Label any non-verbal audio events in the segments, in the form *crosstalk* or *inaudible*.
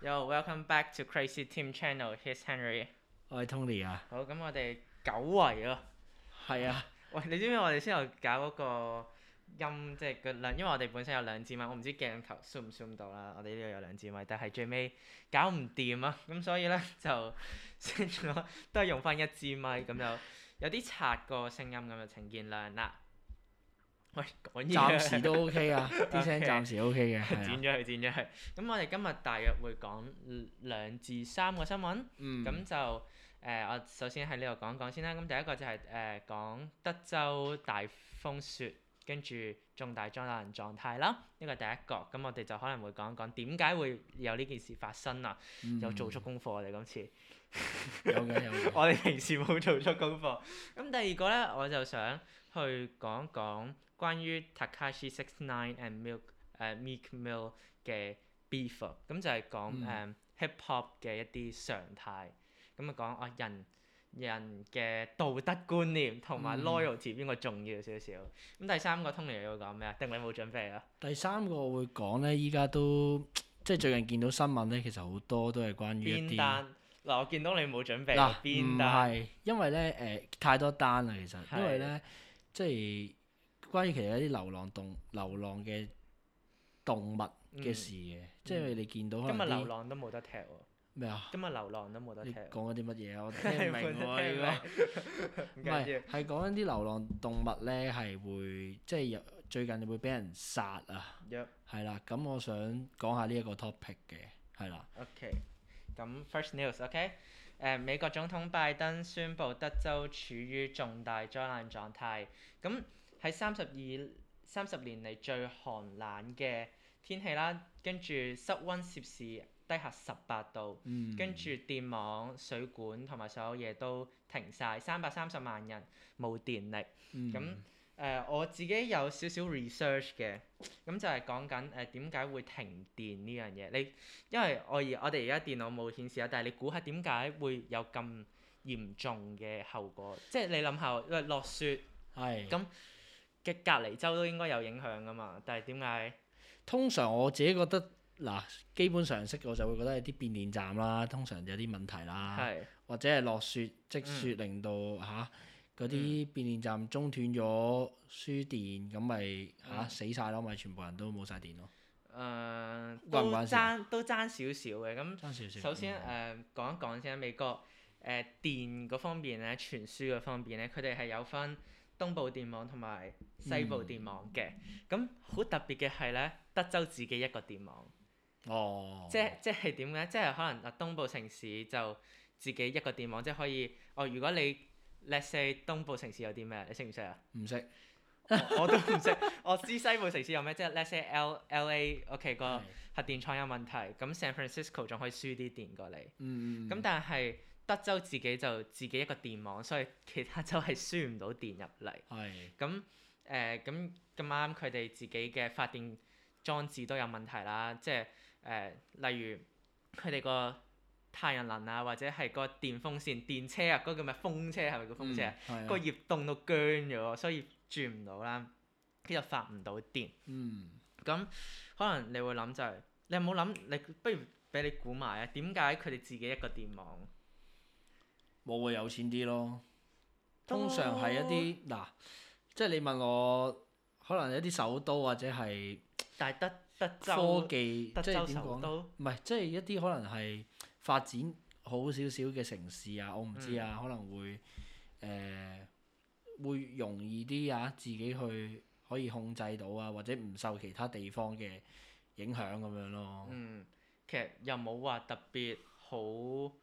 又 Welcome back to Crazy Team Channel，係 Henry，我係 Tony 啊。好，咁我哋久違咯，係啊。喂，你知唔知我哋先頭搞嗰個音，即係個兩，因為我哋本身有兩支咪，我唔知鏡頭算唔算到啦。我哋呢度有兩支咪，但係最尾搞唔掂咯，咁所以咧就先咗都係用翻一支咪，咁就有啲刷個聲音，咁就請見諒啦。喂，講嘢啊！暫時都 OK 啊，啲 *laughs* 聲暫時 OK 嘅、啊，剪咗佢，剪咗佢。咁我哋今日大約會講兩至三個新聞。嗯。咁就誒、呃，我首先喺呢度講一講先啦。咁第一個就係誒講德州大風雪，跟住重大災難狀態啦。呢個第一個，咁我哋就可能會講一講點解會有呢件事發生啊？嗯、有做足功， *laughs* *laughs* 功課，我哋今次有嘅，有。我哋平時冇做足功課。咁第二個咧，我就想去講一講。關於 Takashi Six Nine and Milk 誒、uh, Meek Mill 嘅 Beef，咁就係講誒、um, 嗯、Hip Hop 嘅一啲常態，咁啊講啊人人嘅道德觀念同埋 loyalty 邊個重要少少？咁、嗯、第三個通常你又要講咩啊？定你冇準備啊？第三個我會講咧，依家都即係最近見到新聞咧，其實好多都係關於一啲，嗱，我見到你冇準備。嗱，唔係，因為咧誒、呃、太多單啦，其實因為咧即係。關於其實一啲流浪動流浪嘅動物嘅事嘅，嗯、即係你見到今日流浪都冇得踢喎、哦。咩啊？今日流浪都冇得踢。講緊啲乜嘢啊？我聽唔明喎。唔係係講緊啲流浪動物咧，係會即係最近會俾人殺啊。Yup。係啦，咁我想講下呢一個 topic 嘅，係啦。Okay，咁 first news，okay? uh, 美國總統拜登宣布德州處於重大災難狀態，咁。喺三十二三十年嚟最寒冷嘅天氣啦，跟住室溫攝氏低下十八度，跟住、嗯、電網、水管同埋所有嘢都停晒。三百三十萬人冇電力。咁誒、嗯呃，我自己有少少 research 嘅，咁就係講緊誒點解會停電呢樣嘢？你因為我而我哋而家電腦冇顯示啊，但係你估下點解會有咁嚴重嘅後果？即係你諗下，因為落雪，係咁是。嘅隔離州都應該有影響噶嘛，但係點解？通常我自己覺得嗱，基本常識我就會覺得係啲變電站啦，通常有啲問題啦，是或者係落雪積雪令到嚇嗰啲變電站中斷咗輸電，咁咪吓，死晒咯，咪全部人都冇晒電咯。誒、呃，關唔關事？都爭都爭少少嘅咁。爭少少。嗯、首先誒，講、嗯呃、一講先，美國誒、呃、電嗰方面咧，傳輸嗰方面咧，佢哋係有分。東部電網同埋西部電網嘅，咁好、嗯、特別嘅係咧，德州自己一個電網。哦。即係即係點咧？即係可能啊，東部城市就自己一個電網，即係可以哦。如果你 let's say 東部城市有啲咩，你識唔識啊？唔識懂。我都唔識。 *laughs* 我知西部城市有咩， *laughs* 即係 let's say L L A OK 個核電廠有問題，咁 San Francisco 仲可以輸啲電過嚟。嗯。咁但係。德州自己就自己一個電網，所以其他州係輸唔到電入嚟。咁誒的，咁咁啱佢哋自己嘅發電裝置都有問題啦，即係誒、呃，例如佢哋個太陽能啊，或者係個電風扇、電車啊，嗰、嗰個叫咩風車係咪叫風車、啊？嗯、個葉凍到僵咗，所以轉唔到啦，佢就發唔到電。嗯，咁可能你會諗就係、係、你有冇諗？你不如俾你估埋啊，點解佢哋自己一個電網？我會有錢啲咯，通常係一啲嗱、啊，即係你問我，可能一啲首都或者係，但係德州，科技，德州，即係點講？唔係州，即係一啲可能係發展好少少嘅城市啊，我唔知啊，嗯、可能會誒、呃、會容易啲啊，自己去可以控制到啊，或者唔受其他地方嘅影響咁樣咯。嗯，其實又冇話特別好。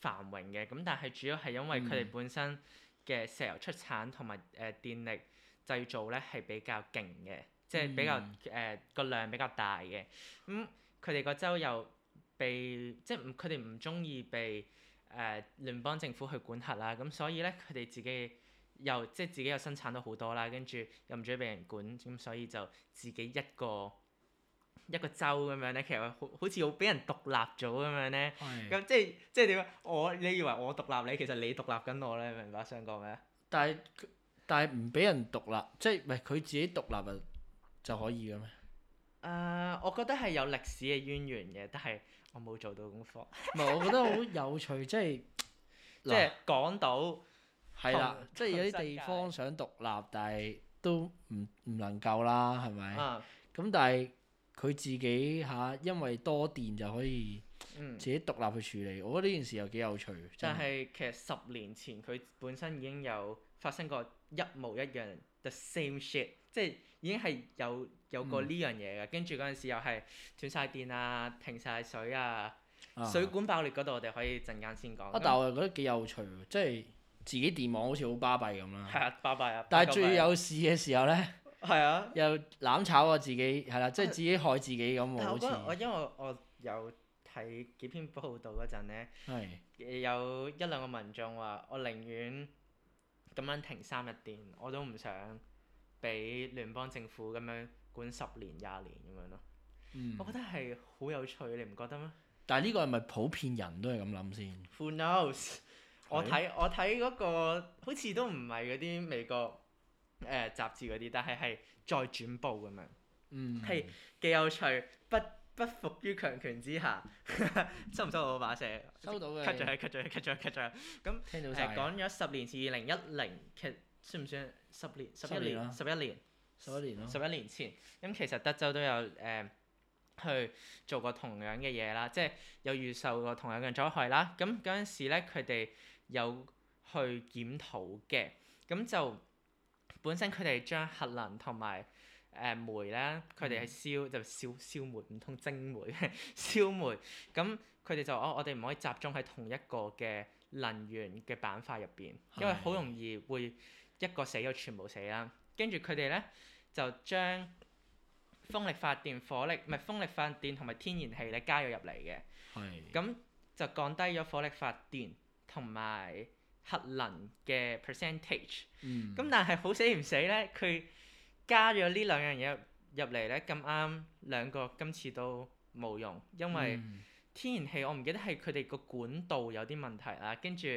繁榮嘅咁，但係主要係因為佢哋本身嘅石油出產同埋誒電力製造咧係比較勁嘅，嗯、即係比較誒個、呃、量比較大嘅。咁佢哋個州又被即係佢哋唔中意被誒、呃、聯邦政府去管轄啦。咁所以咧佢哋自己又即係自己又生產到好多啦，跟住又唔中意畀人管，咁所以就自己一個。一個州咁樣咧，其實好好似要俾人獨立咗咁樣咧。咁的、嗯、即係即係點啊？我你以為我獨立你，其實你獨立緊我咧，明白我想講咩？但係但係唔俾人獨立，即係唔係佢自己獨立啊就可以嘅咩？誒、嗯呃，我覺得係有歷史嘅淵源嘅，但係我冇做到功課。唔係，我覺得好有趣， *laughs* 即係即係講到係啦、嗯和，即係有啲地方想獨立，但係都唔唔能夠啦，係咪？咁但係。嗯嗯嗯佢自己嚇、啊，因為多電就可以自己獨立去處理。嗯、我覺得呢件事又幾有趣。但係其實十年前佢本身已經有發生過一模一樣 the same shit，即係已經係有有過呢樣嘢㗎。跟住嗰陣時又係斷晒電啊、停晒水啊、啊水管爆裂嗰度，我哋可以陣間先講。啊！但係我又覺得幾有趣喎，嗯、即係自己電網好似好巴閉咁啦。係啊、嗯，巴閉啊！但係最有事嘅時候咧～係啊，又攬炒我自己，係啦、啊，即係自己害自己咁喎。好似我，覺得我，我因為我有睇幾篇報道嗰陣咧，是有一兩個民眾話：我寧願咁樣停三日電，我都唔想俾聯邦政府咁樣管十年廿年咁樣咯。嗯、我覺得係好有趣，你唔覺得咩？但係呢個係咪普遍人都係咁諗先？Who knows？是我睇我睇嗰、嗰個好似都唔係嗰啲美國。誒、呃、雜誌嗰啲，但係係再轉報咁樣，係幾、嗯、有趣，不不服於強權之下， *laughs* 收唔收，收到把聲？收到嘅。cut 咗，cut 咗，cut 咗，cut 咗。咁、嗯、聽到曬。講咗十年前二零一零，其算唔算十年？十一年十一年。十一年十一年前，咁、嗯、其實德州都有誒、呃、去做過同樣嘅嘢啦，即係有預受過同樣嘅災害啦。咁嗰陣時咧，佢哋有去檢討嘅，咁就。本身佢哋將核能同埋誒煤咧，佢哋係燒、嗯、就燒燒煤，唔通蒸煤 *laughs* 燒煤。咁佢哋就哦，我哋唔可以集中喺同一個嘅能源嘅板塊入邊，因為好容易會一個死咗全部死啦。跟住佢哋咧就將風力發電、火力唔係風力發電同埋天然氣咧加咗入嚟嘅。係。咁就降低咗火力發電同埋。核能嘅 percentage，咁、嗯、但係好死唔死咧，佢加咗呢兩樣嘢入嚟咧，咁啱兩個今次都冇用，因為天然氣我唔記得係佢哋個管道有啲問題啦，跟住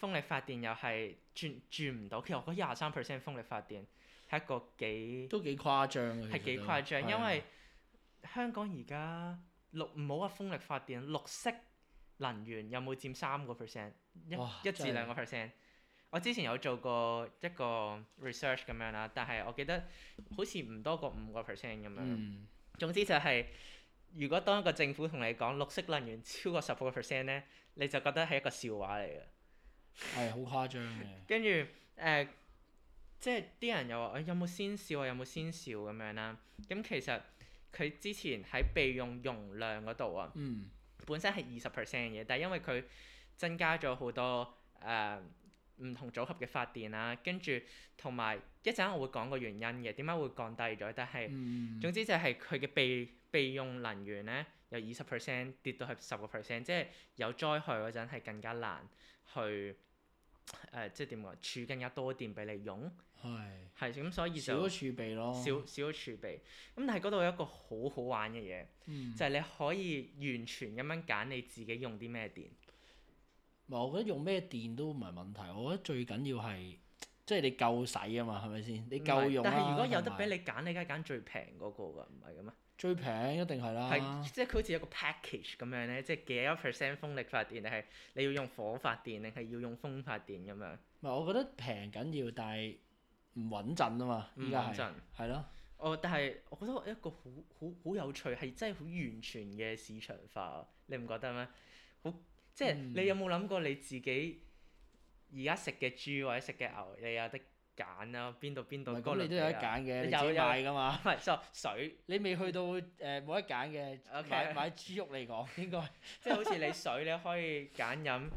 風力發電又係轉轉唔到，其實我覺得廿三 percent 風力發電係一個幾都幾誇張，係幾誇張，因為香港而家綠唔好啊，風力發電綠色。能源有冇佔三個 percent？一、一至兩個 percent。1 1< 是>我之前有做過一個 research 咁樣啦，但係我記得好似唔多過五個 percent 咁樣。嗯、總之就係、是，如果當一個政府同你講綠色能源超過十個 percent 咧，你就覺得係一個笑話嚟嘅。係好誇張嘅。 *laughs* 跟住誒，即係啲人又話：，誒、哎、有冇先笑？有冇先笑？咁樣啦。咁其實佢之前喺備用容量嗰度啊。嗯本身係二十 percent 嘅嘢，但係因為佢增加咗好多誒唔、呃、同組合嘅發電啦、啊，跟住同埋一陣我會講個原因嘅，點解會降低咗？但係、嗯、總之就係佢嘅備備用能源咧，由二十 percent 跌到去十個 percent，即係有災害嗰陣係更加難去。誒、呃、即係點講，儲更加多電俾你用，係唉，係咁，所以就少咗儲備咯，少，少少咗儲備。咁但係嗰度有一個好好玩嘅嘢，嗯、就係你可以完全咁樣揀你自己用啲咩電。唔係、嗯，我覺得用咩電都唔係問題。我覺得最緊要係，即、就、係、是、你夠使啊嘛，係咪先？你夠用。但係如果有得俾你揀，是是你梗係揀最平嗰、嗰個㗎，唔係㗎咩？最平一定係啦，係即係佢好似有個 package 咁樣咧，即係幾多 percent 風力發電定係你要用火發電定係要用風發電咁樣。唔係我覺得平緊要，但係唔穩陣啊嘛，依家陣係咯。啦哦，但係我覺得一個好好好有趣係真係好完全嘅市場化，你唔覺得咩？好即係你有冇諗過你自己而家食嘅豬或者食嘅牛，你有得揀啦，邊度邊度嗰你都有得揀嘅，你自己買㗎嘛。唔係，水，你未去到誒冇、嗯呃、得揀嘅。Okay. 買買豬肉嚟講，應該 *laughs* 即係好似你水你可以揀飲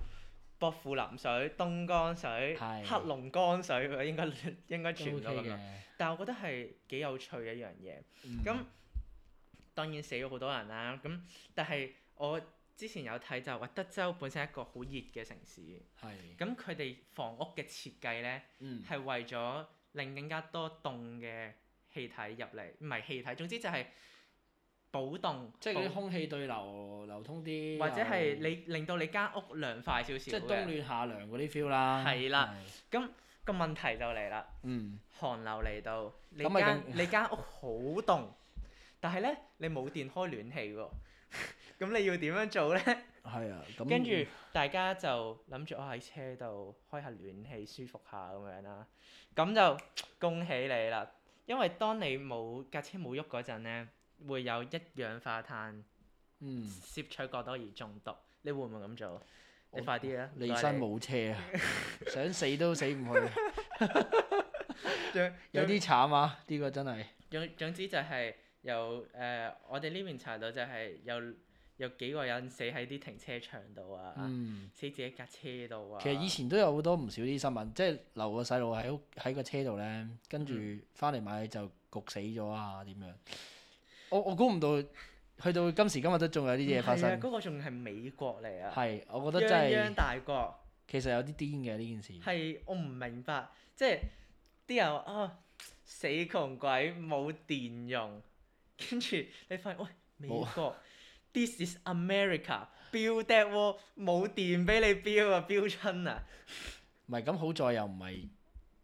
薄扶林水、東江水、 *laughs* 黑龍江水，應該應該全備嘅。 *laughs* 但係我覺得係幾有趣一樣嘢。咁、嗯、當然死咗好多人啦。咁但係我。之前有睇就話德州本身係一個好熱嘅城市，咁佢哋房屋嘅設計咧，係、嗯、為咗令更加多凍嘅氣體入嚟，唔係氣體，總之就係保凍，即係啲空氣對流流通啲，或者係你令到你間屋涼快少少，即係冬暖夏涼嗰啲 feel 啦。係啦的，咁的個問題就嚟啦，嗯、寒流嚟到，你間、嗯、你間屋好凍，但係咧你冇電開暖氣喎。 *laughs* 咁你要點樣做呢？跟住、啊嗯、大家就諗住我喺車度開下暖氣舒服下咁樣啦。咁就恭喜你啦，因為當你冇架車冇喐嗰陣呢，會有一氧化碳攝、嗯、取過多而中毒。你會唔會咁做？我你快啲啊！你身冇車啊， *laughs* *laughs* 想死都死唔去， *laughs* *laughs* 有啲慘啊！呢 *laughs* 個真係總之就係由、呃、我哋呢邊查到就係有。有幾個人死喺啲停車場度啊！嗯、死自己架車度啊！其實以前都有好多唔少啲新聞，即係留個細路喺喺個車度咧，跟住翻嚟買就焗死咗啊！點樣？我我估唔到，去到今時今日都仲有呢啲嘢發生。嗰、啊嗰個仲係美國嚟啊！係，我覺得真係泱泱大國。其實有啲癲嘅呢件事。係我唔明白，即係啲人話啊、哦，死窮鬼冇電用，跟住你發現喂美國。 *laughs* This is America build that wall。b u i l d that 飆得喎，冇電俾你 Build 飆啊，飆親啊！唔係咁好在又唔係，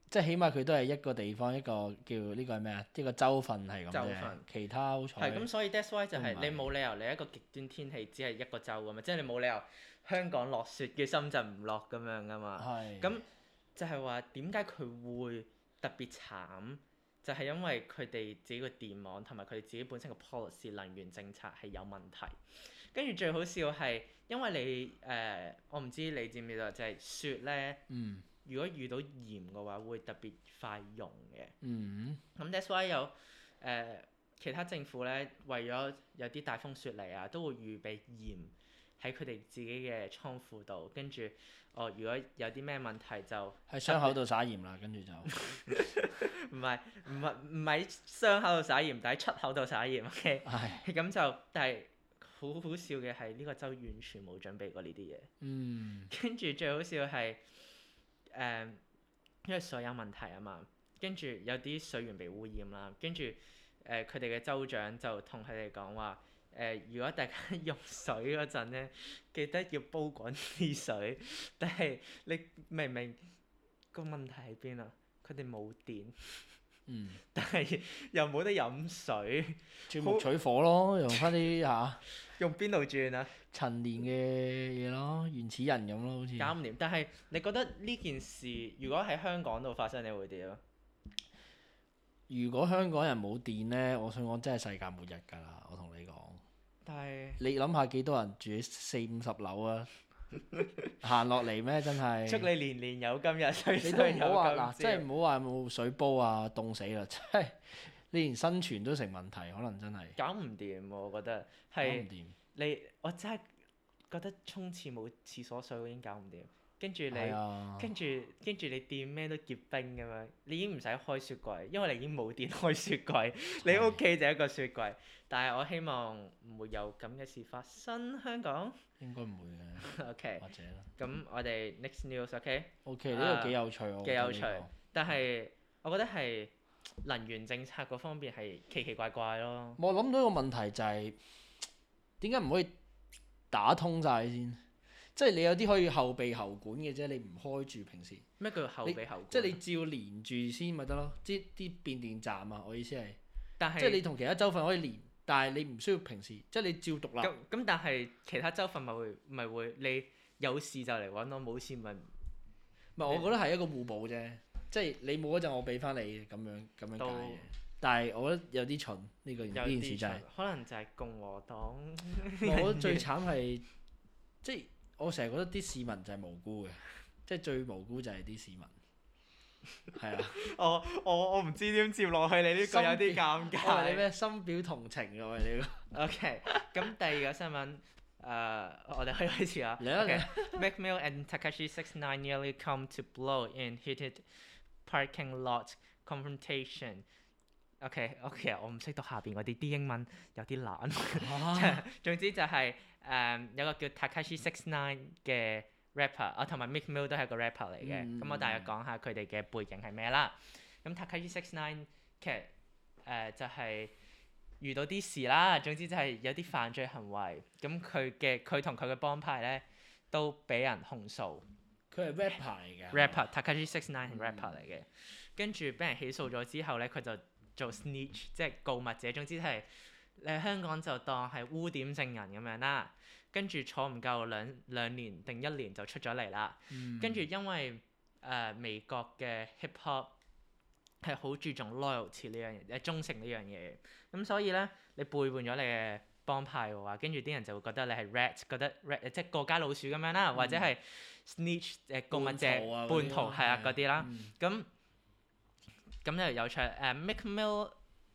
即係起碼佢都係一個地方，一個叫呢、這個係咩啊？一個州份係咁嘅。州份其他好彩。係咁，所以 that's why 就係、是、你冇理由你一個極端天氣只係一個州噶嘛，即係你冇理由香港落雪嘅深圳唔落咁樣噶嘛。係的。咁就係話點解佢會特別慘？就係因為佢哋自己個電網同埋佢哋自己本身個 policy 能源政策係有問題，跟住最好笑係，因為你誒、呃，我唔知你知唔知道，就係、是、雪咧，嗯、如果遇到鹽嘅話，會特別快溶嘅。咁 that's why 有誒、呃，其他政府咧為咗有啲大風雪嚟啊，都會預備鹽喺佢哋自己嘅倉庫度，跟住。哦，如果有啲咩問題就喺傷口度撒鹽啦，跟住就唔係唔係唔喺傷口度撒鹽，喺出口度撒鹽。O.K. 咁唉就，但係好好笑嘅係呢個州完全冇準備過呢啲嘢。嗯，跟住最好笑係誒、呃，因為所有問題啊嘛，跟住有啲水源被污染啦，跟住誒佢哋嘅州長就同佢哋講話。誒、呃，如果大家用水嗰陣咧，記得要煲滾啲水。但係你明唔明個問題喺邊啊？佢哋冇電。嗯。但係又冇得飲水。鑽木取火咯，很用翻啲嚇。啊、 *laughs* 用邊度轉啊？陳年嘅嘢咯，原始人咁咯，好似。搞唔掂，但係你覺得呢件事如果喺香港度發生，你會點啊？如果香港人冇電咧，我想講真係世界末日㗎啦！我同你講。但係你諗下幾多人住四五十樓啊？行落嚟咩？真係 *laughs* 祝你年年有今日、啊，歲歲有今日、啊。唔好話， *laughs* 真係唔好話冇水煲啊！凍死啦，即 *laughs* 係你連生存都成問題，可能真係搞唔掂、啊、我覺得係你，我真係覺得沖廁冇廁所水我已經搞唔掂。跟住你，跟住跟住你掂咩都結冰咁樣，你已經唔使開雪櫃，因為你已經冇電開雪櫃。是 *laughs* 你屋企就一個雪櫃，但係我希望唔會有咁嘅事發生。香港應該唔會嘅。O Okay , K，或者咁我哋 next news、okay? okay, 啊。O K。O K，呢個幾有趣，我幾、呃、有趣，但係我覺得係能源政策嗰方面係奇奇怪怪咯。我諗到一個問題就係點解唔可以打通晒先？即係你有啲可以後備喉管嘅啫，你唔開住平時咩叫後備喉管？即係你照連住先咪得咯？啲啲變電站啊，我意思係，但是即係你同其他州份可以連，但係你唔需要平時，即係你照獨立。咁但係其他州份咪會咪會，你有事就嚟揾我，冇事咪咪。不你我覺得係一個互補啫，即係你冇嗰陣我俾翻你咁樣咁樣解嘅。多但係我覺得有啲蠢呢、呢個呢有件事就係。可能就係共和黨。 *laughs* 我覺得最慘係即係。我成日覺得啲市民就係無辜嘅，即係最無辜就係啲市民，係啊。我我我唔知點接落去你呢個，有啲尷尬。你咩心表同情㗎喎呢個？OK，咁第二個新聞，誒，我哋可以開始啦。OK。Meek Mill and Tekashi Six Nine nearly come to blows in heated parking lot confrontation。OK OK，我唔識讀，下邊嗰啲啲英文有啲懶。啊。總之就係。誒、um, 有個叫 Takashi Six Nine 嘅 rapper，、嗯、我同埋 Mick Mill 都係個 rapper 嚟嘅，咁、嗯、我大約講下佢哋嘅背景係咩啦。咁 Takashi Six Nine 其實、呃、就係、是、遇到啲事啦，總之就係有啲犯罪行為，咁佢嘅佢同佢嘅幫派咧都俾人控訴。佢係 rapper 嚟嘅。rapper，Takashi Six Nine 係 rapper 嚟嘅的，嗯、跟住俾人起訴咗之後咧，佢就做 snitch，即係告密者，總之係。你喺香港就當係污點證人咁樣啦，跟住坐唔夠兩兩年定一年就出咗嚟啦。跟住因為誒美國嘅 hip hop 係好注重 loyalty 呢樣嘢，忠誠呢樣嘢。咁所以咧，你背叛咗你嘅幫派嘅話，跟住啲人就會覺得你係 rat，覺得 rat 即係過街老鼠咁樣啦，或者係 snitch 誒告密者叛徒係啊嗰啲啦。咁咁又有趣。誒 Make Me。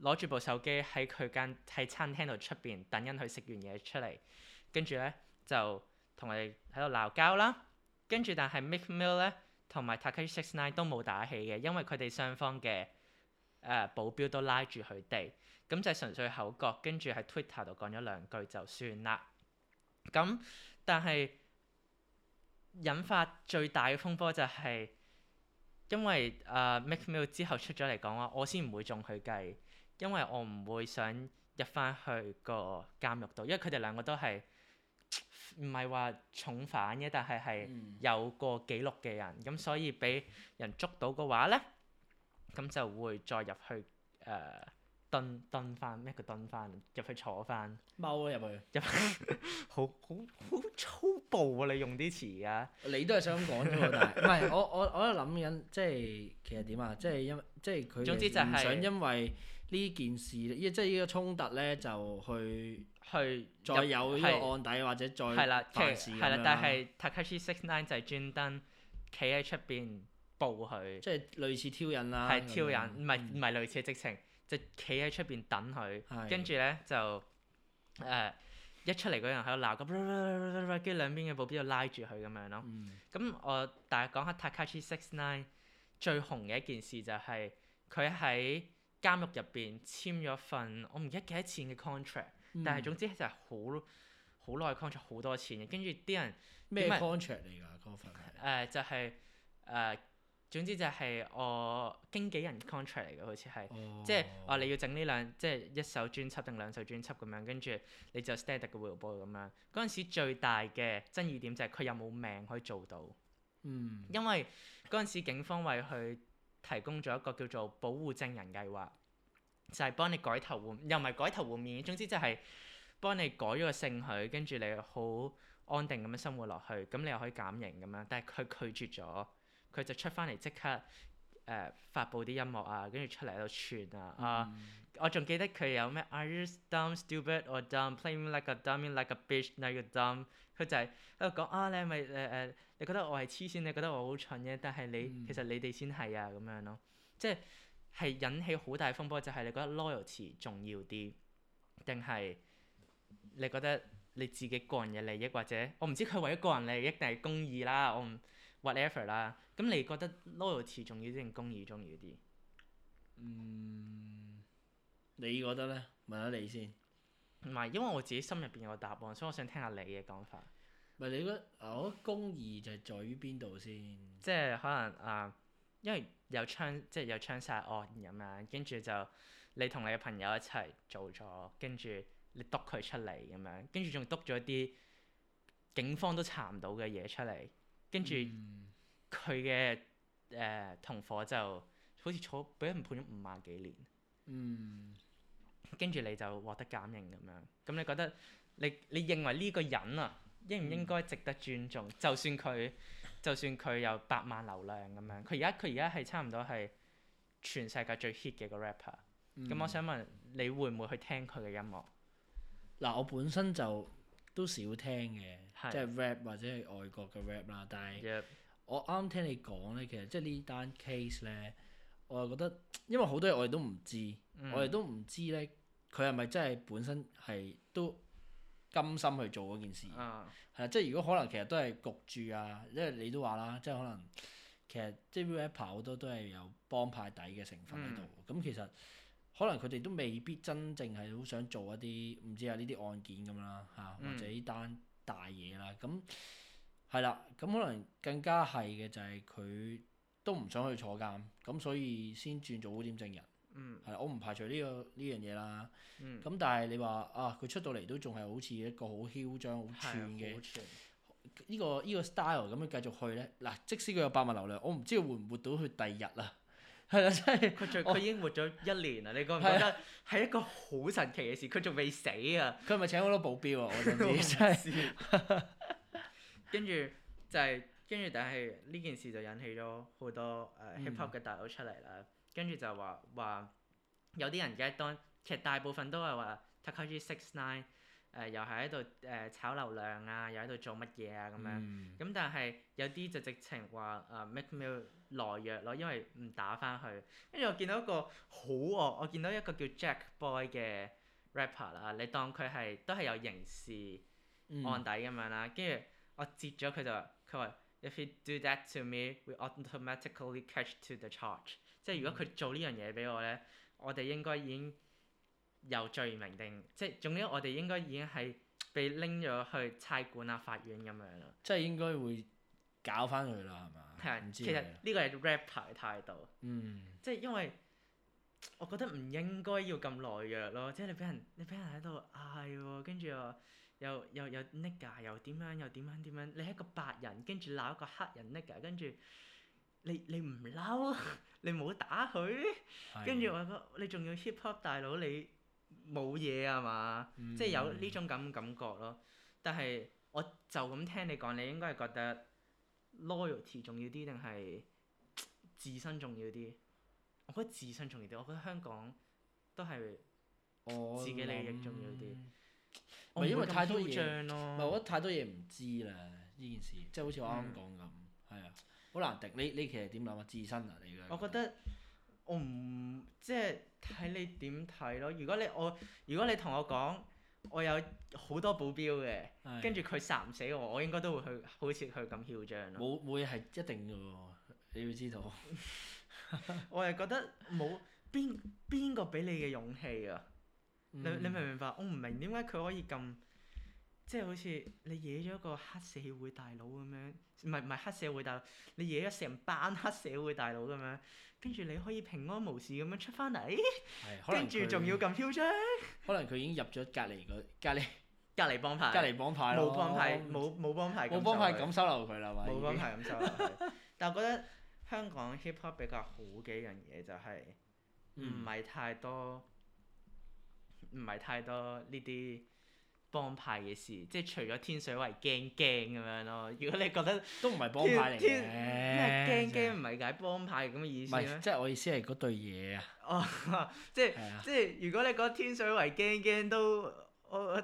攞住部手機喺佢間喺餐廳度出邊等緊佢食完嘢出嚟，跟住咧就同佢哋喺度鬧交啦。跟住但係 Meek Mill 咧同埋 Tekashi 6ix9ine 都冇打起嘅，因為佢哋雙方嘅誒、呃、保鏢都拉住佢哋，咁就係純粹口角。跟住喺 Twitter 度講咗兩句就算啦。咁但係引發最大嘅風波就係、是、因為誒、呃、Meek Mill 之後出咗嚟講話，我先唔會中佢計。因為我唔會想入翻去個監獄度，因為佢哋兩個都係唔係話重犯嘅，但係係有個記錄嘅人，咁、嗯嗯、所以俾人捉到嘅話咧，咁就會再入去誒、呃、蹲蹲翻，咩叫蹲翻？入去坐翻，踎咗入去，入去好好好粗暴啊！你用啲詞㗎，你都係想咁講啫但嘛？唔係， *laughs* 我我我喺度諗緊，即係其實點啊？即係因為即係佢，總之就係想因為。呢件事，呢即係呢個衝突咧，就去去再有呢個案底或者再犯事咁樣啦。係啦，但係 Takashi Sixnine 就專登企喺出邊報佢，即係類似挑釁啦。係挑釁，唔係唔係類似直情，即係企喺出邊等佢，跟住咧就誒一出嚟嗰個人喺度鬧，咁跟兩邊嘅保鑣拉住佢咁樣咯。咁我大概講下 Takashi Sixnine 最紅嘅一件事就係佢喺監獄入邊簽咗份我唔記得幾多錢嘅 contract，嗯、但係總之就係好好耐 contract，好多錢嘅。跟住啲人咩 contract 嚟㗎嗰份？誒、呃、就係、是、誒、呃、總之就係、是、我、呃、經紀人 contract 嚟嘅，好似係、哦哦，即係話你要整呢兩即係一手專輯定兩手專輯咁樣，跟住你就 standard 嘅 willpower 咁樣。嗰陣時最大嘅爭議點就係佢有冇命可以做到？嗯，因為嗰陣時警方為佢提供咗一個叫做保護證人計劃，就係、是、幫你改頭換，又唔係改頭換面，總之就係幫你改咗個姓許，跟住你好安定咁樣生活落去，咁你又可以減刑咁樣。但係佢拒絕咗，佢就出返嚟即刻誒發佈啲音樂啊，跟住出嚟喺度串啊！嗯、啊，我仲記得佢有咩 Are you dumb, stupid or dumb? Playing like a dummy, like a bitch, like a dumb？佢就係喺度講啊，你係咪誒誒？Uh, uh, 你覺得我係黐線，你覺得我好蠢嘅，但係你其實你哋先係啊咁樣咯，即係引起好大風波就係你覺得 loyalty 重要啲，定係你覺得你自己個人嘅利益或者我唔知佢為咗個人利益定係公義啦，我唔 whatever 啦。咁你覺得 loyalty 重要啲定公義重要啲？嗯，你覺得咧？問下你先。唔係因為我自己心入邊有個答案，所以我想聽下你嘅講法。你覺得，我覺得公義就係在於邊度先？即係可能啊、呃，因為有槍，即係有槍殺案咁樣，跟住、嗯嗯、就你同你嘅朋友一齊做咗，跟住你督佢出嚟咁樣，跟住仲督咗啲警方都查唔到嘅嘢出嚟，跟住佢嘅誒同伙就好似坐，俾人判咗五萬幾年。嗯。跟住你就獲得減刑咁樣，咁、嗯嗯、你覺得你你認為呢個人啊？應唔應該值得尊重？嗯、就算佢，就算佢有百萬流量咁樣，佢而家佢而家係差唔多係全世界最 hit 嘅、個 rapper。咁、嗯、我想問你會唔會去聽佢嘅音樂？嗱，我本身就都少聽嘅，是即係 rap 或者係外國嘅 rap 啦。但係我啱聽你講呢，其實即係呢單 case 呢，我就覺得因為好多嘢我哋都唔知，嗯、我哋都唔知呢，佢係咪真係本身係都？甘心去做嗰件事，係啦、啊，即係如果可能，其實都係焗住啊，因為你都話啦，即係可能其實即係 Uber 好多都係有幫派底嘅成分喺度，咁、嗯、其實可能佢哋都未必真正係好想做一啲唔知啊呢啲案件咁啦，吓、啊、或者呢單大嘢啦，咁係啦，咁可能更加係嘅就係佢都唔想去坐監，咁所以先轉做污點證人。嗯，係，我唔排除呢個呢樣嘢啦。嗯，咁但係你話啊，佢出到嚟都仲係好似一個好囂張、好串嘅，呢個呢個 style 咁樣繼續去咧。嗱，即使佢有百萬流量，我唔知活唔活到佢第二日啊。係啦，即係佢仲佢已經活咗一年啦。我 你覺唔覺得係一個好神奇嘅事？佢仲未死啊！佢咪請好多保鏢啊！我總之，跟住 *laughs* 不是 *laughs* 就係跟住，但係呢件事就引起咗好多誒 hip hop 嘅大佬出嚟啦。啊嗯跟住就話話有啲人而家當其實大部分都係話 Tekashi 6ix9ine 誒又係喺度誒炒流量啊，又喺度做乜嘢啊咁、嗯、樣咁，但係有啲就直情話誒 make me 懦弱咯，因為唔打翻去。跟住我見到一個好惡，我見到一個叫 Jack Boy 嘅 rapper 啦，你當佢係都係有刑事案底咁樣啦。跟住、嗯、我截咗佢就話佢話：If you do that to me, we automatically catch to the charge. 即係如果佢做呢樣嘢俾我呢，我哋應該已經有罪名定即係總之我哋應該已經係被拎咗去差館啊法院咁樣啦。即係應該會搞翻佢啦係嘛？是知其實呢個係 rapper 嘅態度。嗯、即係因為我覺得唔應該要咁懦弱咯，即係你俾人你俾人喺度嗌喎，跟、哎、住又 Nigger, 又又又 Nigger，又點樣又點樣點樣？你係一個白人，跟住鬧一個黑人 Nigger，跟住。你你唔嬲，你冇打佢，跟住是的 我覺你仲要 Hip Hop 大佬你冇嘢啊嘛，嗯、即係有呢種咁感覺咯。但係我就咁聽你講，你應該係覺得 loyalty 重要啲定係自身重要啲？我覺得自身重要啲。我覺得香港都係自己利益重要啲。唔因，因為太多嘢，唔係、啊、我覺得太多嘢唔知啦。呢件事即係好似我啱啱講咁，係啊、嗯。好難敵，你你其實點諗啊？我自身啊，你嘅我覺得我唔即係睇你點睇咯。如果你我如果你同我講我有好多保鏢嘅，跟住佢殺唔死我，我應該都會去好似佢咁囂張咯。冇冇嘢係一定嘅喎，你要知道。 *laughs* *laughs* 我係覺得冇邊邊個俾你嘅勇氣啊？嗯、你你明唔明白？我唔明點解佢可以咁。即係好似你惹咗個黑社會大佬咁樣，唔係唔係黑社會大佬，你惹咗成班黑社會大佬咁樣，跟住你可以平安無事咁樣出翻嚟，跟住仲要咁囂張。可能佢已經入咗隔離隔離隔離幫派，隔離幫派冇幫派冇冇幫派，冇、哦、幫派咁收留佢啦嘛。冇不幫派咁收留佢， *laughs* 但係我覺得香港 hip hop 比較好嘅一樣嘢就係唔係太多，唔係太多呢啲。幫派嘅事，即係除咗天水圍驚驚咁樣咯。如果你覺得都唔係幫派嚟嘅，咩驚驚唔係解幫派咁嘅意思。唔係，即係我意思係嗰對嘢啊。哦，即係即係，如果你覺得天水圍驚驚都，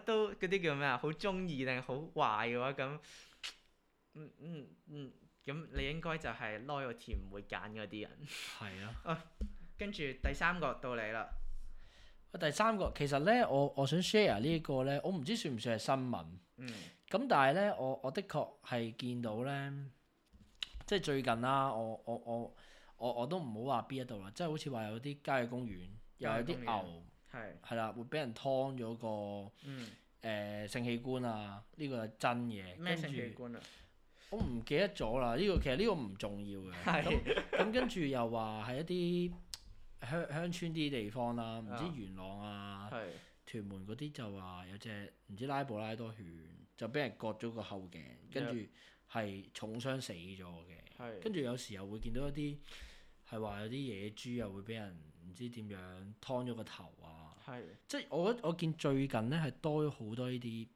都嗰啲叫咩啊？好中意定好壞嘅話，咁嗯嗯嗯，咁、嗯嗯嗯、你應該就係 loyalty 唔會揀嗰啲人。係咯。啊，跟住、啊、第三個到你啦。第三個其實咧，我我想 share 呢、這個咧，我唔知算唔算係新聞。嗯。咁但係咧，我我的確係見到咧，即係最近啦、啊，我我我我我都唔好話邊一度啦，即係好似話有啲郊野公園又有啲牛係係啦，會俾人劏咗個誒、嗯呃、性器官啊！呢、這個係真嘢，咩性器官住、啊、我唔記得咗啦。呢、這個其實呢個唔重要嘅。係的。咁跟住又話係一啲。鄉鄉村啲地方啦，唔知元朗啊、屯門嗰啲就話有隻唔知拉布拉多犬就俾人割咗個後頸，嗯、跟住係重傷死咗嘅。是跟住有時候又會見到一啲係話有啲野豬又會俾人唔知點樣劏咗個頭啊。是即係我我見最近咧係多咗好多呢啲，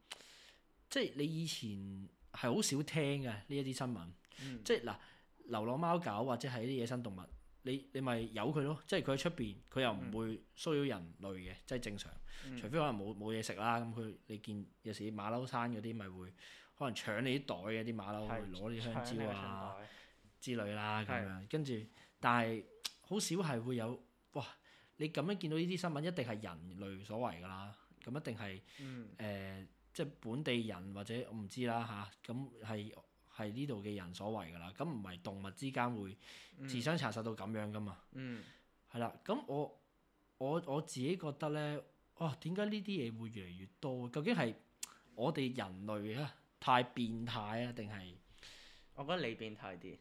即係你以前係好少聽嘅呢一啲新聞。嗯、即係嗱，流浪貓狗或者係啲野生動物。你你咪由佢咯，即係佢喺出邊，佢又唔會騷擾人類嘅，嗯、即正常。除非可能冇冇嘢食啦，咁佢你見有時馬騮山嗰啲咪會可能搶你啲袋你啊，啲馬騮去攞啲香蕉啊之類啦咁樣。跟住是，但係好少係會有哇！你咁樣見到呢啲新聞，一定係人類所為㗎啦。咁一定係誒、嗯呃，即本地人或者我唔知啦吓，咁、啊、係。係呢度嘅人所為噶啦，咁唔係動物之間會自相殘殺到咁樣噶嘛？嗯，係啦，咁我我我自己覺得咧，哇、啊，點解呢啲嘢會越嚟越多？究竟係我哋人類啊太變態啊，定係我覺得你變態啲？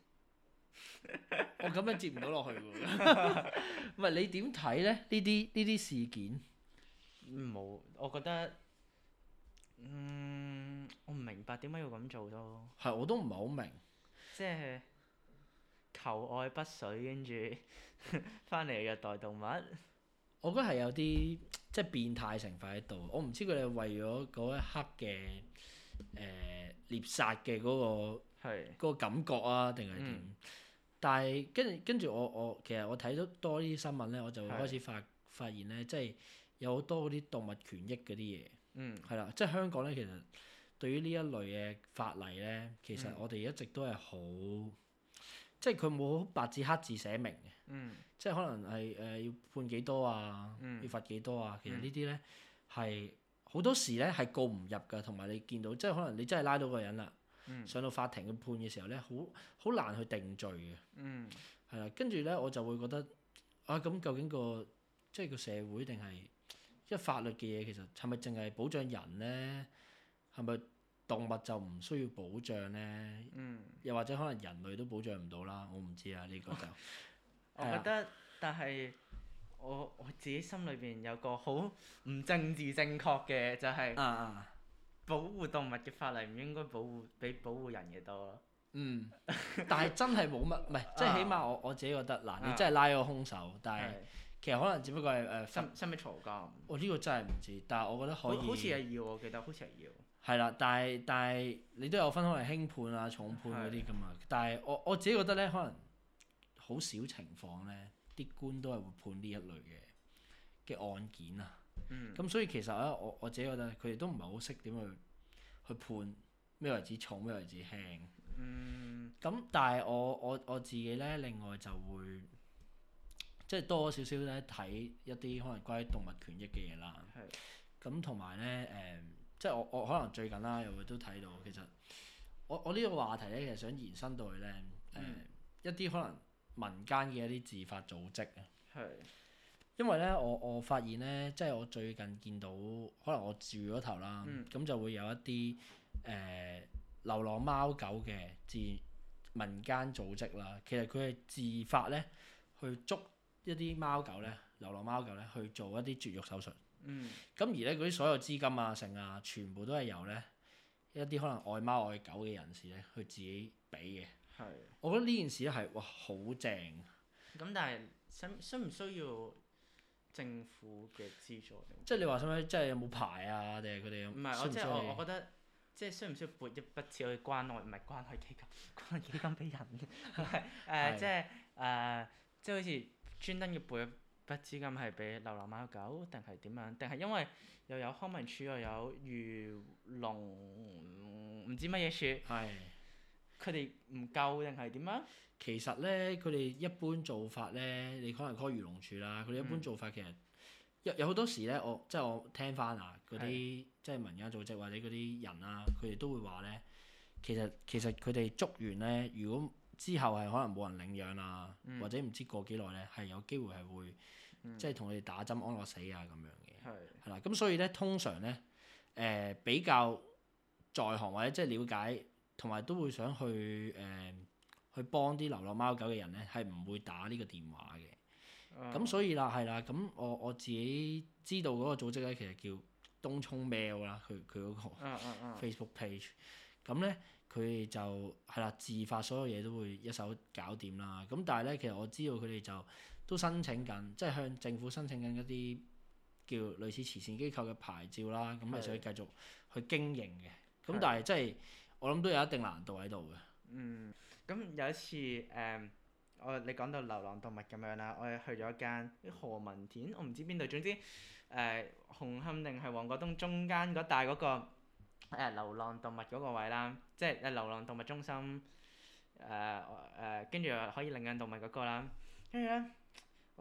*laughs* 我咁樣接唔到落去喎！唔 *laughs* 係你點睇咧？呢啲呢啲事件冇，我覺得。嗯，我唔明白點解要咁做咯。係，我都唔係好明。即係求愛不遂，跟住翻嚟虐待動物。我覺得係有啲即係變態成分喺度。我唔知佢哋為咗嗰一刻嘅誒、呃、獵殺嘅嗰個係個感覺啊，定係點？嗯、但係跟跟住我我其實我睇咗多啲新聞咧，我就開始發發現咧，即係有好多啲動物權益嗰啲嘢。嗯，係啦，即係香港咧，其實對於呢一類嘅法例咧，其實我哋一直都係好，嗯、即係佢冇白字黑字寫明嘅，嗯、即係可能係誒、呃、要判幾多啊，嗯、要罰幾多啊，其實呢啲咧係好多時咧係告唔入噶，同埋你見到即係可能你真係拉到個人啦，嗯、上到法庭去判嘅時候咧，好好難去定罪嘅，嗯，係啦，跟住咧我就會覺得啊，咁究竟、個即係個社會定係？即法律嘅嘢，其實係咪淨係保障人呢？係咪動物就唔需要保障呢？嗯。又或者可能人類都保障唔到啦，我唔知啊，呢、呢個就。 *laughs* 我覺得，哎、呀 但係我我自己心裏邊有個好唔政治正確嘅，就係啊，保護動物嘅法例唔應該保護比保護人嘅多咯。 *laughs* 嗯。但係真係冇乜，唔係，即係起碼我我自己覺得，嗱，你真係拉咗兇手，但係、嗯。其實可能只不過係誒分分咩嘈㗎，我呢個真係唔知，但係我覺得可以。好似係要我記得，好似係要。係啦，但係但係你都有分開為輕判啊、重判嗰啲㗎嘛。的但係我我自己覺得咧，可能好少情況咧，啲官都係會判呢一類嘅嘅案件啊。咁、嗯、所以其實咧，我我自己覺得佢哋都唔係好識點去去判咩為止重，咩為止輕。嗯。咁但係我我我自己咧，另外就會。即係多，多少少咧，睇一啲可能關於動物權益嘅嘢啦。咁同埋呢，誒、呃，即係我我可能最近啦，又會都睇到其實我我呢個話題呢，其實想延伸到去呢，呃嗯、一啲可能民間嘅一啲自發組織，啊。是的 因為呢，我我發現咧，即係我最近見到可能我住嗰頭啦，咁、嗯、就會有一啲誒、呃、流浪貓狗嘅自民間組織啦。其實佢係自發呢去捉。一啲貓狗咧，流浪貓狗咧，去做一啲絕育手術。嗯。咁而咧，嗰啲所有資金啊，剩啊，全部都係由咧一啲可能愛貓愛狗嘅人士咧去自己俾嘅。係。我覺得呢件事咧係哇好正。咁但係需需唔需要政府嘅資助？即係你話使唔使？即係有冇牌啊？定係佢哋？唔係，我即係我，我覺得即係需唔需要撥一筆錢去關愛，唔係關愛基金，關愛基金俾人嘅。係。誒，即係誒，即係好似。專登要背一筆資金係俾流浪貓狗定係點樣？定係因為又有康文署又有漁農唔知乜嘢處，係佢哋唔夠定係點啊？樣其實咧，佢哋一般做法咧，你可能 call 漁農署啦。佢哋一般做法其實、嗯、有有好多時咧，我即係我聽翻啊嗰啲即係民間組織或者嗰啲人啊，佢哋都會話咧，其實其實佢哋捉完咧，如果之後係可能冇人領養啊，嗯、或者唔知過幾耐咧，係有機會係會、嗯、即係同佢哋打針安樂死啊咁樣嘅，係啦的。咁所以咧，通常咧，誒、呃、比較在行或者即係了解，同埋都會想去誒、呃、去幫啲流浪貓狗嘅人咧，係唔會打呢個電話嘅。咁、嗯、所以啦，係啦，咁我我自己知道嗰個組織咧，其實叫東涌 Mail 啦，佢佢嗰個 Facebook page，咁咧、嗯。嗯佢哋就係啦，自發所有嘢都會一手搞掂啦。咁但係咧，其實我知道佢哋就都申請緊，即係向政府申請緊，緊一啲叫類似慈善機構嘅牌照啦。咁係以繼續去經營嘅。咁是的 但係真係我諗都有一定難度喺度嘅。嗯，咁有一次誒，我、呃、你講到流浪動物咁樣啦，我哋去咗一間何文田，我唔知邊度，總之誒紅磡定係旺角東中間嗰帶嗰、嗰個、呃、流浪動物嗰個位啦。即係流浪動物中心，誒、呃、誒，跟住又可以領養動物嗰、那個啦。跟住咧，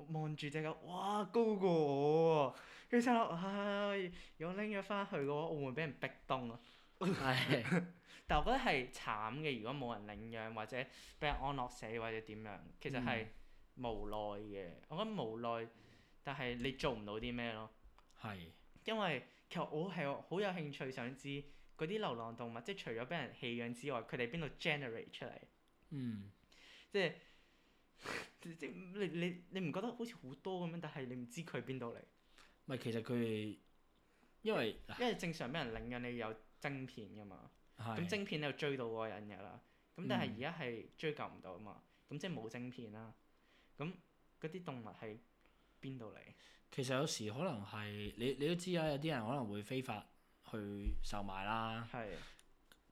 望住隻狗，哇，高過我喎！跟住就諗，唉、哎，如果拎咗返去嘅話，我會唔會俾人壁咚！是」啊？ *laughs* 但係我覺得係慘嘅，如果冇人領養或者俾人安樂死或者點樣，其實係無奈嘅。嗯、我覺得無奈，但係你做唔到啲咩咯？係是。因為其實我係好有興趣想知。嗰啲流浪動物，即係除咗俾人棄養之外，佢哋邊度 generate 出嚟？嗯，即係即係你你你唔覺得好似好多咁樣？但係你唔知佢邊度嚟？唔係，其實佢因為因為正常俾人領養，你有晶片噶嘛？咁唉晶片又追到嗰個人㗎啦。咁是但係而家係追究唔到啊嘛，咁、嗯、即係冇晶片啦、啊。咁嗰啲動物係邊度嚟？其實有時可能係你你都知啦，有啲人可能會非法，去售賣啦，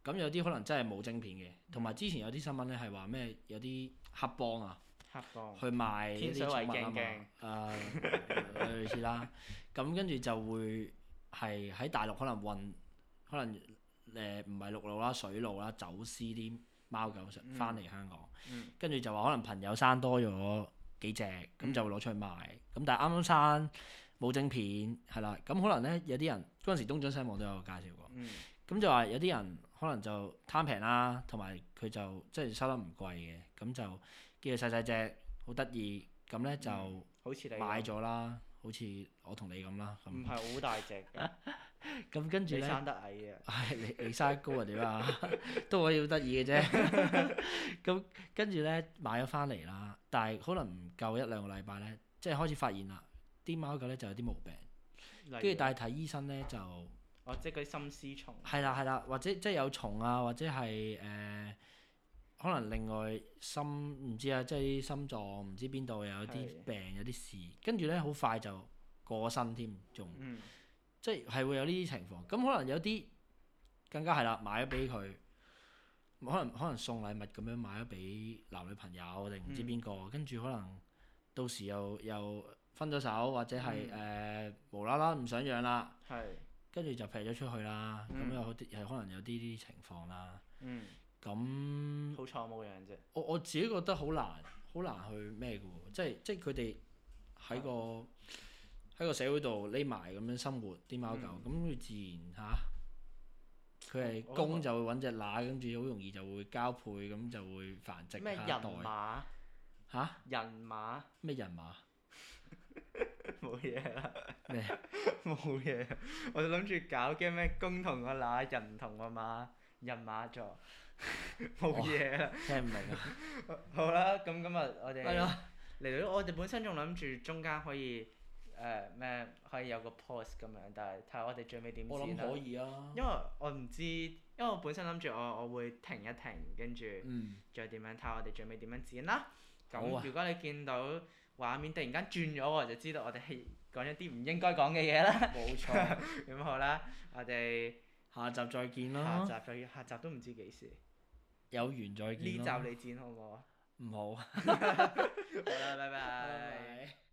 咁的有啲可能真係冇晶片嘅，同埋、嗯、之前有啲新聞咧係話咩？有啲黑幫啊，黑幫去賣啲寵物啊，誒類似啦，咁跟住就會係喺大陸可能運，可能誒唔係陸路啦，水路啦走私啲貓狗上返嚟香港，跟住、嗯嗯、就話可能朋友生多咗幾隻，咁就攞出去賣，咁、嗯、但係啱啱生。冇正片係啦，咁可能咧有啲人嗰陣時東張西望都有介紹過，咁、嗯、就話有啲人可能就貪平啦，同埋佢就即係收得唔貴嘅，咁就叫佢細細隻、嗯、好得意，咁咧就好似你買咗啦，好似我同你咁啦，唔係好大隻，咁、 *laughs* *laughs* 嗯、跟住你、， *laughs* 哎、你，你生得矮啊？係你你生得高啊點啊？都可以好得意嘅啫，咁跟住咧買咗翻嚟啦，但係可能唔夠一兩個禮拜咧，即係開始發現啦。啲貓狗咧就有啲毛病，跟住如但係睇醫生咧就，哦，即係啲心絲蟲，係啦係啦，或者即係有蟲啊，或者係誒、呃，可能另外心唔知啊，即係啲心臟唔知邊度有啲病有啲事，跟住咧好快就過身添，仲、嗯、即係會有呢啲情況。咁可能有啲更加係啦，買咗俾佢，可能可能送禮物咁樣買咗俾男女朋友定唔知邊個，跟住、嗯、可能到時又又。又又又分咗手，或者係誒無啦啦唔想養啦，跟住就劈咗出去啦。咁有啲，係可能有啲啲情況啦。咁好彩冇養啫。我我自己覺得好難，好難去咩嘅喎，即係即係佢哋喺個喺個社會度匿埋咁樣生活啲貓狗，咁佢自然吓，佢係公就會搵隻乸，跟住好容易就會交配，咁就會繁殖。咩人馬？吓？人馬咩人馬？冇嘢啦，咩麼？冇嘢，我諗住搞緊咩？弓同個乸，人同個馬，人馬座。冇嘢啦。聽唔明啊？好啦，咁今日我哋係咯嚟到，我哋本身仲諗住中間可以誒咩、呃？可以有個 pause 咁樣，但係睇下我哋最尾點剪。我諗可以啊。因為我唔知，因為我本身諗住我我會停一停，跟住再點樣睇下我哋最尾點樣剪啦。咁、嗯、如果你見到。畫面突然間轉咗，我就知道我哋係講一啲唔應該講嘅嘢啦。冇 *laughs* 錯，咁 *laughs* *laughs* 好啦，我哋下集再見啦。下集再見，下集都唔知幾時。有緣再見。呢集你剪好唔好？唔不好。 *laughs* *laughs* 好啦，拜拜。